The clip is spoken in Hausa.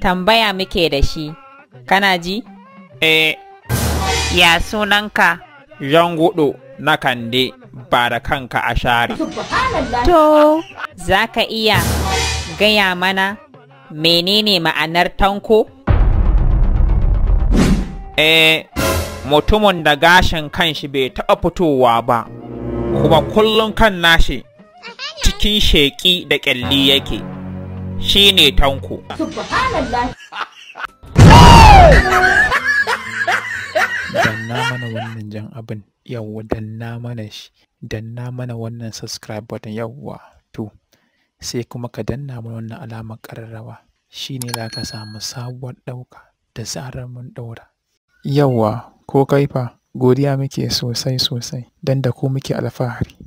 tambaya muke da shi, kana ji? Eh, ya sunanka? Yangudu na kande ba da kanka a share. To, za ka iya gaya mana menene ma'anar tanko? Eh, mutumin da gashin kanshi bai taɓa fitowa ba, kuma kullum kan nashi cikin sheƙi da ƙyalli yake. Shi ne tanko danna mana wannan jan abin yawwa danna mana shi danna mana wannan subscribe button yawwa to sai kuma ka danna mana wannan alamar ƙararrawa shine za ka samu sabuwar ɗauka da zarar mun ɗaura yawwa ko kaifa godiya muke sosai sosai don da ku muke alfahari